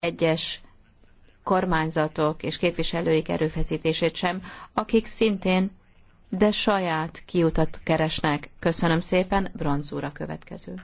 egyes kormányzatok és képviselőik erőfeszítését sem, akik szintén de saját kiutat keresnek. Köszönöm szépen, Bronz úr a következő.